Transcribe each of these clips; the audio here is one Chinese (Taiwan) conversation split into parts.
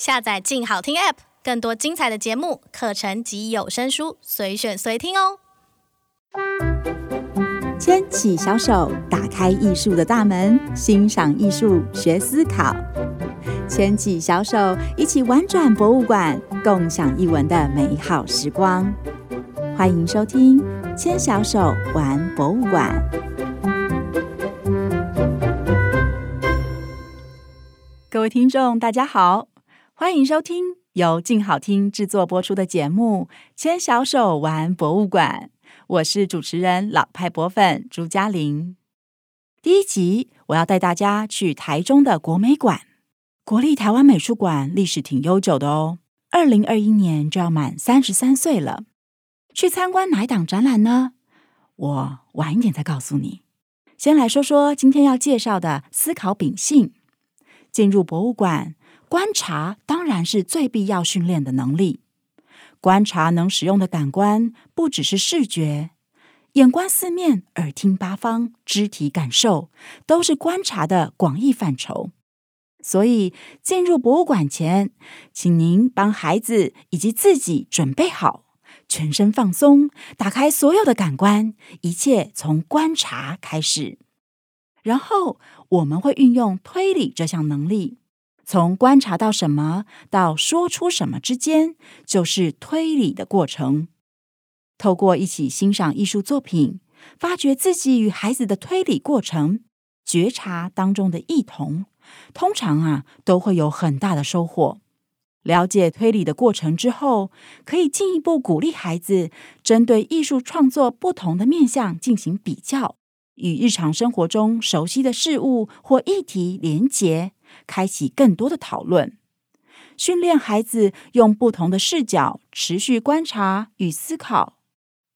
下載“鏡好聽 ”App，更多精彩的節目、課程及有聲書，隨選隨聽哦。牽起小手，打開藝術的大門，欣賞藝術，學思考。牽起小手，一起玩轉博物館，共享一文的美好時光。歡迎收聽《牽小手玩博物館》。各位聽眾，大家好。歡迎收聽由靜好聽制作播出的節目《牽小手玩博物館》，我是主持人老派博粉朱家琳。第一集，我要帶大家去台中的國美館——國立台灣美術館，歷史挺悠久的哦，二零二一年就要滿三十三歲了。去參觀哪一檔展覽呢？我晚一點再告訴你。先來說說今天要介紹的《思考秉性》，進入博物館，觀察當然是最必要訓練的能力。觀察能使用的感官不只是視覺，眼觀四面，耳聽八方，肢體感受都是觀察的廣義範疇。所以進入博物館前，請您幫孩子以及自己準備好，全身放鬆，打開所有的感官，一切從觀察開始。然後我們會運用推理這項能力。從觀察到什麼到說出什麼之間，就是推理的過程。透過一起欣賞藝術作品，發覺自己與孩子的推理過程、覺察當中的異同，通常啊都會有很大的收穫。了解推理的過程之後，可以進一步鼓勵孩子針對藝術創作不同的面向進行比較，與日常生活中熟悉的事物或議題連結。開啟更多的討論，訓練孩子用不同的視角持續觀察與思考。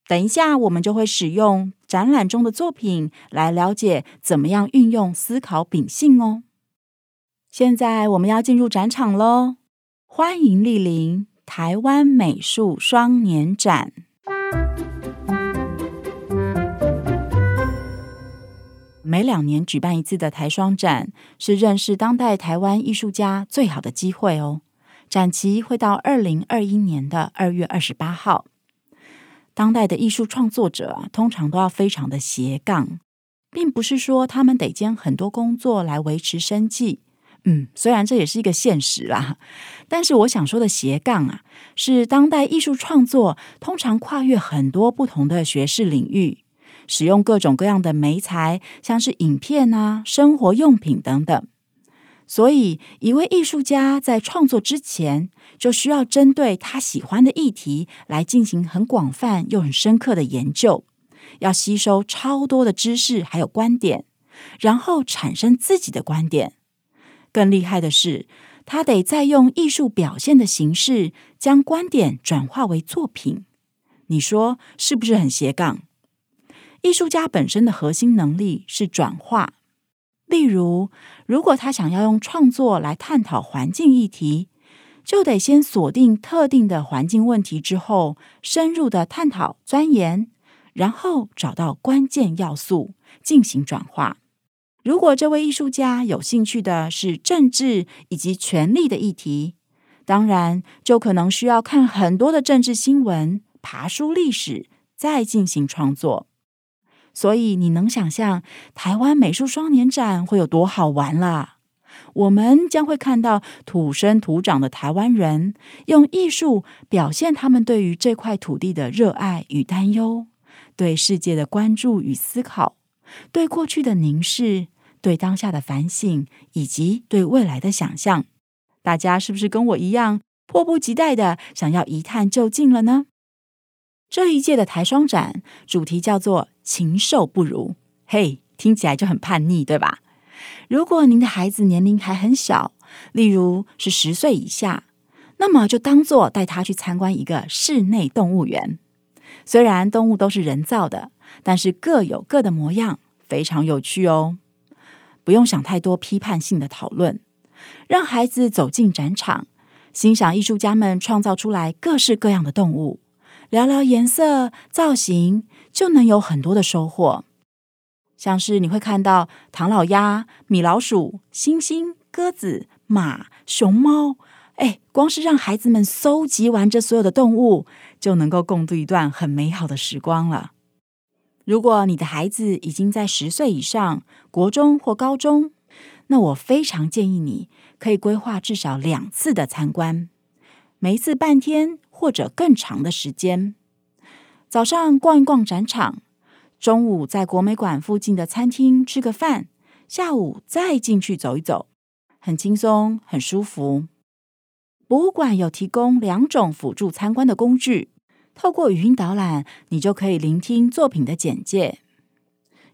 等一下，我們就會使用展覽中的作品來了解怎麼樣運用思考秉性哦。現在我們要進入展場嘍，歡迎蒞臨台灣美術雙年展。每兩年舉辦一次的台雙展是認識當代台灣藝術家最好的機會哦。展期會到二零二一年的二月二十八號。當代的藝術創作者啊，通常都要非常的斜槓，並不是說他們得兼很多工作來維持生計。嗯，雖然這也是一個現實啦，啊，但是我想說的斜槓啊，是當代藝術創作通常跨越很多不同的學術領域。使用各種各樣的媒材，像是影片啊、生活用品等等。所以，一位藝術家在創作之前，就需要針對他喜歡的議題來進行很廣泛又很深刻的研究，要吸收超多的知識還有觀點，然後產生自己的觀點。更厲害的是，他得再用藝術表現的形式，將觀點轉化為作品。你說是不是很斜槓？藝術家本身的核心能力是轉化。例如，如果他想要用創作來探討環境議題，就得先鎖定特定的環境問題，之後深入地探討鑽研，然後找到關鍵要素進行轉化。如果這位藝術家有興趣的是政治以及權力的議題，當然就可能需要看很多的政治新聞、爬梳歷史，再進行創作。所以你能想象台灣美術雙年展會有多好玩啦？我們將會看到土生土長的台灣人用藝術表現他們對於這塊土地的熱愛與擔憂，對世界的關注與思考，對過去的凝視，對當下的反省，以及對未來的想象。大家是不是跟我一樣迫不及待的想要一探究竟了呢？這一屆的台雙展主題叫做。禽獸不如，嘿、hey，聽起來就很叛逆，對吧？如果您的孩子年齡還很小，例如是十歲以下，那麼就當做帶他去參觀一個室內動物園。雖然動物都是人造的，但是各有各的模樣，非常有趣哦。不用想太多批判性的討論，讓孩子走進展場，欣賞藝術家們創造出來各式各樣的動物。聊聊顏色、造型，就能有很多的收穫。像是你會看到唐老鴨、米老鼠、猩猩、鴿子、馬、熊貓，哎，光是讓孩子們蒐集完這所有的動物，就能夠共度一段很美好的時光了。如果你的孩子已經在十歲以上，國中或高中，那我非常建議你可以規劃至少兩次的參觀，每一次半天。或者更長的時間。早上逛一逛展場，中午在國美館附近的餐廳吃個飯，下午再進去走一走，很輕鬆，很舒服。博物館有提供兩種輔助參觀的工具：透過語音導覽，你就可以聆聽作品的簡介；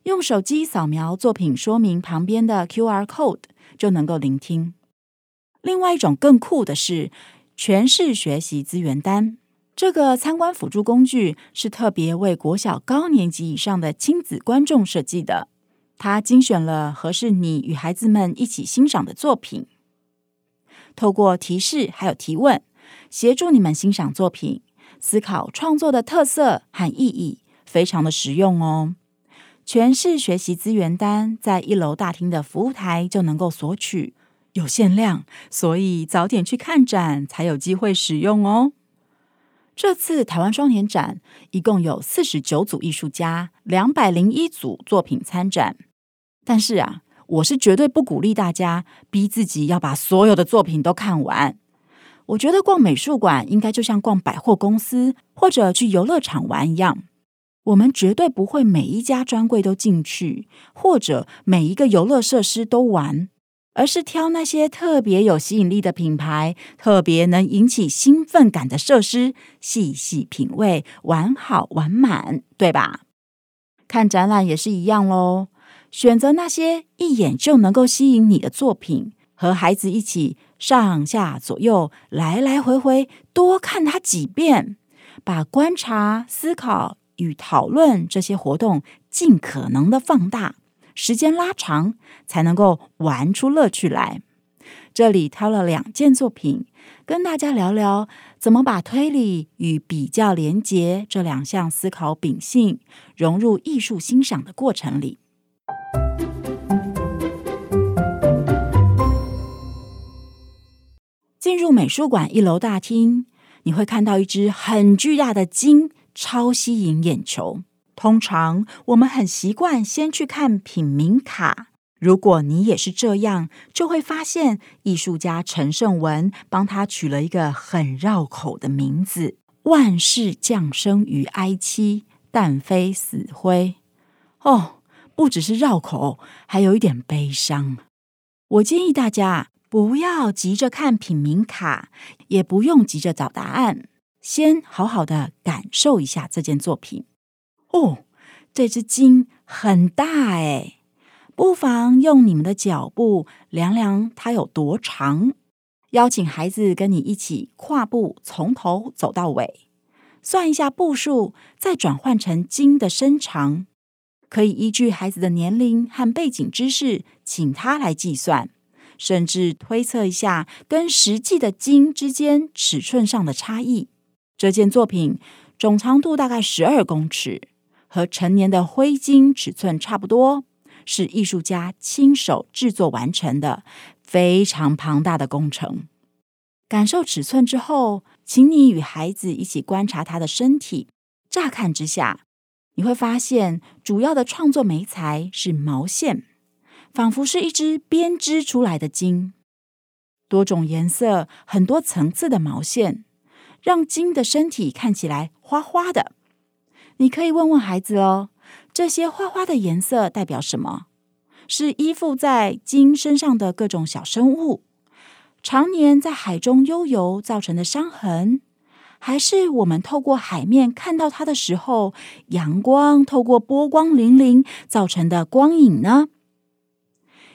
用手機掃描作品說明旁邊的 QR code，就能夠聆聽。另外一種更酷的是，全市學習資源單，這個參觀輔助工具是特別為國小高年級以上的親子觀眾設計的。它精選了合適你與孩子們一起欣賞的作品，透過提示還有提問，協助你們欣賞作品，思考創作的特色和意義，非常的實用哦。全市學習資源單在一樓大廳的服務台就能夠索取。有限量，所以早點去看展才有機會使用哦。這次台灣雙年展一共有四十九組藝術家、兩百零一組作品參展。但是啊，我是絕對不鼓勵大家逼自己要把所有的作品都看完。我覺得逛美術館應該就像逛百貨公司或者去遊樂場玩一樣，我們絕對不會每一家專櫃都進去，或者每一個遊樂設施都玩。而是挑那些特別有吸引力的品牌、特別能引起興奮感的設施，細細品味，玩好玩滿，對吧？看展覽也是一樣嘍，選擇那些一眼就能夠吸引你的作品，和孩子一起上下左右來來回回多看它幾遍，把觀察、思考與討論這些活動盡可能的放大。時間拉長才能夠玩出樂趣來。這裡挑了兩件作品，跟大家聊聊怎麼把推理與比較連結這兩項思考秉性融入藝術欣賞的過程裡。進入美術館一樓大廳，你會看到一隻很巨大的鯨，超吸引眼球。通常我們很習慣先去看品名卡。如果你也是這樣，就會發現藝術家陳勝文幫他取了一個很繞口的名字：“萬事降生於哀戚，但非死灰。”哦，不只是繞口，還有一點悲傷。我建議大家不要急着看品名卡，也不用急着找答案，先好好的感受一下這件作品。哦，這隻鯨很大誒！不妨用你們的腳步量量它有多長。邀請孩子跟你一起跨步從頭走到尾，算一下步數，再轉換成鯨的身長。可以依據孩子的年齡和背景知識，請他來計算，甚至推測一下跟實際的鯨之間尺寸上的差異。這件作品總長度大概十二公尺。和成年的灰鯨尺寸差不多，是藝術家親手制作完成的，非常龐大的工程。感受尺寸之後，請你與孩子一起觀察他的身體。乍看之下，你會發現主要的創作媒材是毛線，仿佛是一隻編織出來的鯨。多種顏色、很多層次的毛線，讓鯨的身體看起來花花的。你可以問問孩子哦，這些花花的顏色代表什麼？是依附在鯨身上的各種小生物，常年在海中悠游造成的傷痕，還是我們透過海面看到它的時候，陽光透過波光粼粼造成的光影呢？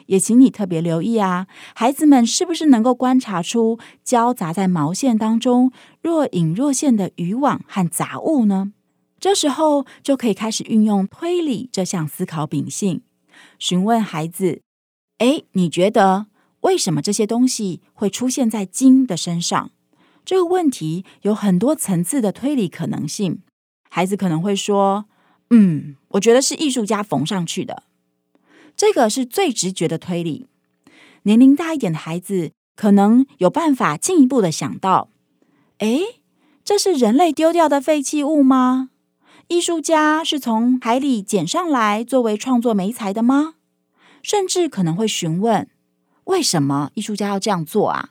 也請你特別留意啊，孩子們是不是能夠觀察出交雜在毛線當中若隱若現的漁網和雜物呢？這時候就可以開始運用推理這項思考秉性，詢問孩子：“哎，你覺得為什麼這些東西會出現在鯨的身上？”這個問題有很多層次的推理可能性。孩子可能會說：“嗯，我覺得是藝術家縫上去的。”這個是最直覺的推理。年齡大一點的孩子可能有辦法進一步的想到：“哎，這是人類丟掉的廢棄物嗎？”藝術家是從海裡撿上來作為創作媒材的嗎？甚至可能會詢問，為什麼藝術家要這樣做啊？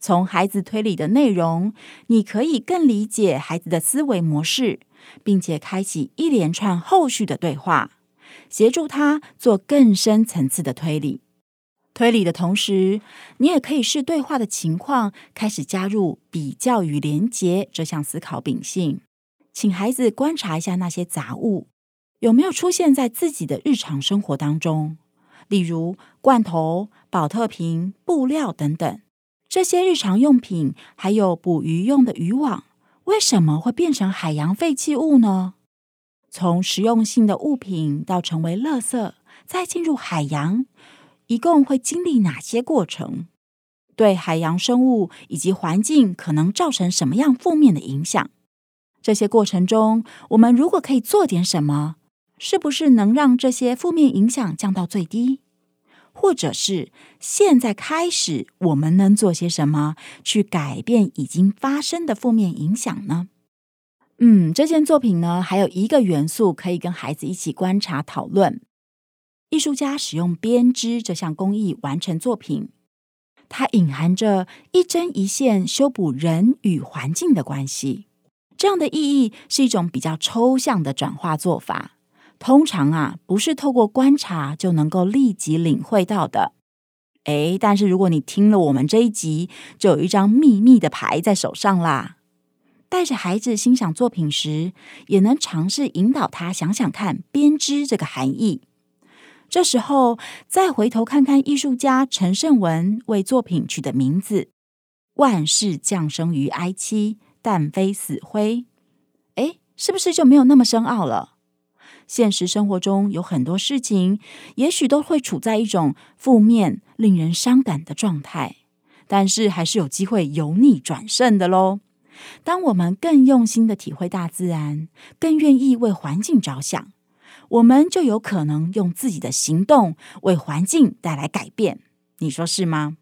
從孩子推理的內容，你可以更理解孩子的思維模式，並且開啟一連串後續的對話，協助他做更深層次的推理。推理的同時，你也可以視對話的情況，開始加入比較與連結這項思考秉性。請孩子觀察一下那些雜物有沒有出現在自己的日常生活當中，例如罐頭、寶特瓶、布料等等這些日常用品，還有捕魚用的漁網，為什麼會變成海洋廢棄物呢？從實用性的物品到成為垃圾，再進入海洋，一共會經歷哪些過程？對海洋生物以及環境可能造成什麼樣負面的影響？這些過程中，我們如果可以做點什麼，是不是能讓這些負面影響降到最低？或者是現在開始，我們能做些什麼去改變已經發生的負面影響呢？嗯，這件作品呢，還有一個元素可以跟孩子一起觀察討論。藝術家使用編織這項工藝完成作品，它隱含着一針一線修補人與環境的關係。這樣的意義是一種比較抽象的轉化做法，通常啊不是透過觀察就能夠立即領會到的。哎，但是如果你聽了我們這一集，就有一張秘密的牌在手上啦。帶着孩子欣賞作品時，也能嘗試引導他想想看編織這個含義。這時候再回頭看看藝術家陳勝文為作品取的名字“萬事降生於哀戚”。但非死灰，誒，是不是就沒有那麼深奧了？現實生活中有很多事情，也許都會處在一種負面、令人傷感的狀態，但是還是有機會由逆轉勝的嘍。當我們更用心地體會大自然，更願意為環境着想，我們就有可能用自己的行動為環境帶來改變。你說是嗎？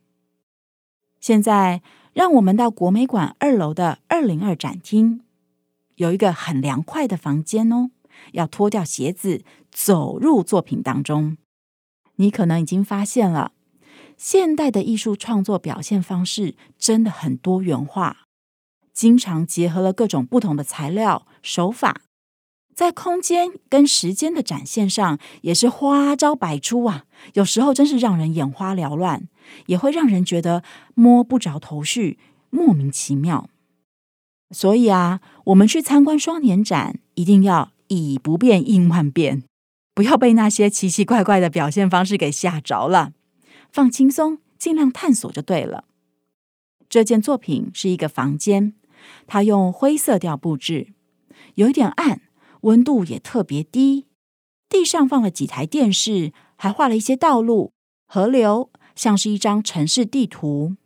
現在。讓我們到國美館二樓的202展廳，有一個很涼快的房間哦。要脫掉鞋子，走入作品當中。你可能已經發現了，現代的藝術創作表現方式真的很多元化，經常結合了各種不同的材料、手法。在空間跟時間的展現上，也是花招百出啊！有時候真是讓人眼花繚亂，也會讓人覺得摸不着頭緒，莫名其妙。所以啊，我們去參觀雙年展，一定要以不變應萬變，不要被那些奇奇怪怪的表現方式給嚇着了。放輕鬆，盡量探索就對了。這件作品是一個房間，它用灰色調佈置，有一點暗。溫度也特別低，地上放了幾台電視，還畫了一些道路、河流，像是一張城市地圖。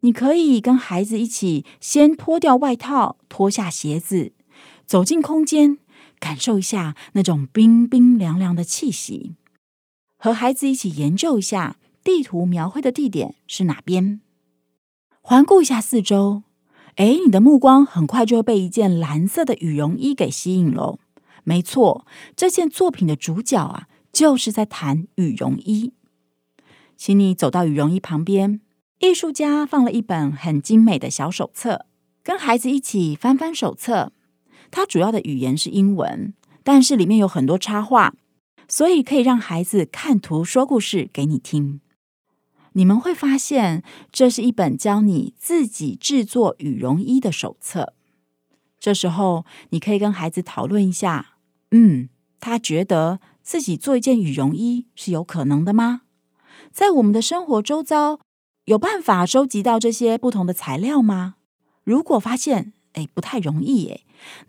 你可以跟孩子一起先脫掉外套，脫下鞋子，走進空間，感受一下那種冰冰涼涼的氣息。和孩子一起研究一下地圖描繪的地點是哪邊，環顧一下四周。誒，你的目光很快就會被一件藍色的羽絨衣給吸引了。沒錯，這件作品的主角啊，就是在談羽絨衣。請你走到羽絨衣旁邊，藝術家放了一本很精美的小手冊，跟孩子一起翻翻手冊。它主要的語言是英文，但是裡面有很多插畫，所以可以讓孩子看圖說故事給你聽。你們會發現，這是一本教你自己製作羽絨衣的手冊。這時候，你可以跟孩子討論一下：嗯，他覺得自己做一件羽絨衣是有可能的嗎？在我們的生活周遭，有辦法收集到這些不同的材料嗎？如果發現，哎，不太容易，哎，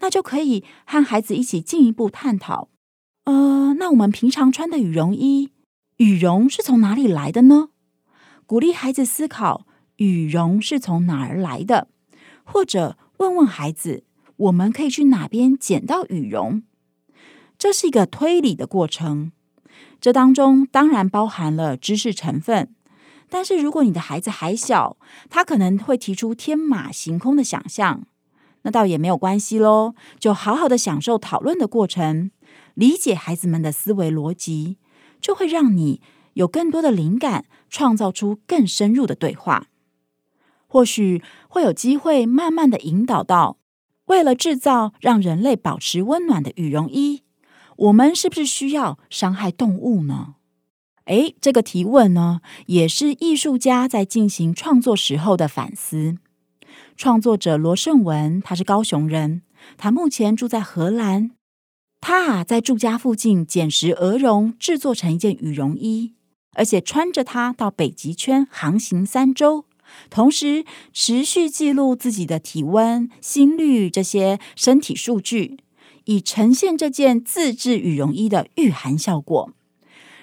那就可以和孩子一起進一步探討。呃，那我們平常穿的羽絨衣，羽絨是從哪裡來的呢？鼓勵孩子思考羽絨是從哪兒來的，或者問問孩子，我們可以去哪邊撿到羽絨？這是一個推理的過程，這當中當然包含了知識成分。但是如果你的孩子還小，他可能會提出天馬行空的想象，那倒也沒有關係嘍，就好好的享受討論的過程，理解孩子們的思維邏輯，就會讓你，有更多的靈感，創造出更深入的對話，或許會有機會慢慢的引導到：為了製造讓人類保持溫暖的羽絨衣，我們是不是需要傷害動物呢？誒，這個提問呢，也是藝術家在進行創作時候的反思。創作者羅晟文，他是高雄人，他目前住在荷蘭，他啊在住家附近撿拾鵝絨，制作成一件羽絨衣。而且穿着它到北極圈航行三周，同時持續記錄自己的體溫、心率這些身體數據，以呈現這件自製羽絨衣的禦寒效果。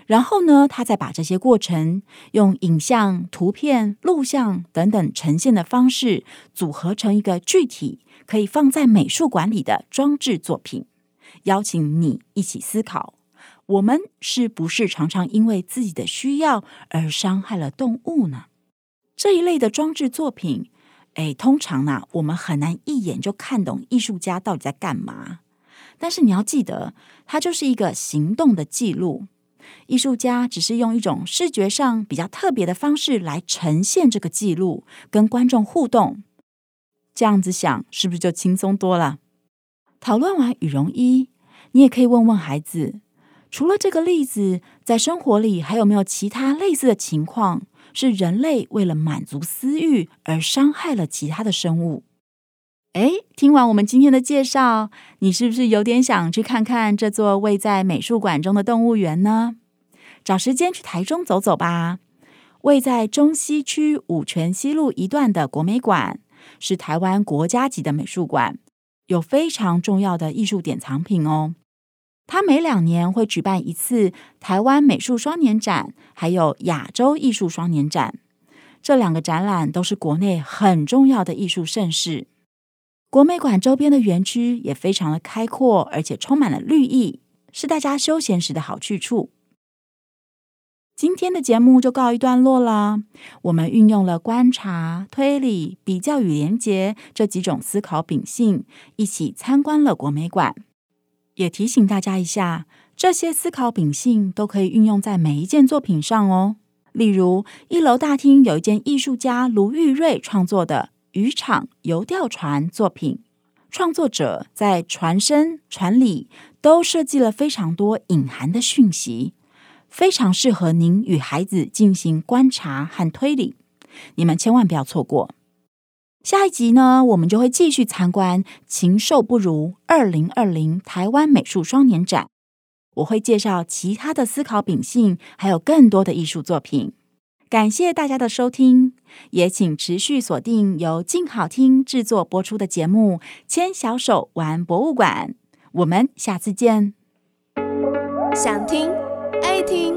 然後呢，他再把這些過程用影像、圖片、錄像等等呈現的方式組合成一個具體可以放在美術館裡的裝置作品，邀請你一起思考。我們是不是常常因為自己的需要而傷害了動物呢？這一類的裝置作品，哎，通常呢、啊，我們很難一眼就看懂藝術家到底在幹嘛。但是你要記得，它就是一個行動的記錄。藝術家只是用一種視覺上比較特別的方式來呈現這個記錄，跟觀眾互動。這樣子想，是不是就輕鬆多了？討論完羽絨衣，你也可以問問孩子。除了這個例子，在生活裡還有沒有其他類似的情況？是人類為了滿足私慾而傷害了其他的生物？誒，聽完我們今天的介紹，你是不是有點想去看看這座位在美術館中的動物園呢？找時間去台中走走吧。位在中西區五權西路一段的國美館，是台灣國家級的美術館，有非常重要的藝術典藏品哦。它每兩年會舉辦一次台灣美術雙年展，還有亞洲藝術雙年展。這兩個展覽都是國內很重要的藝術盛事。國美館周邊的園區也非常的開闊，而且充滿了綠意，是大家休閒時的好去處。今天的節目就告一段落了。我們運用了觀察、推理、比較與連結這幾種思考秉性，一起參觀了國美館。也提醒大家一下，這些思考秉性都可以運用在每一件作品上哦。例如，一樓大廳有一件藝術家盧玉瑞創作的漁場遊釣船作品，創作者在船身、船裡都設計了非常多隱含的訊息，非常適合您與孩子進行觀察和推理。你們千萬不要錯過。下一集呢，我們就會繼續參觀《禽獸不如》二零二零台灣美術雙年展。我會介紹其他的思考秉性，還有更多的藝術作品。感謝大家的收聽，也請持續鎖定由靜好聽制作播出的節目《牽小手玩博物館》。我們下次見。想聽，愛聽，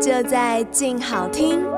就在靜好聽。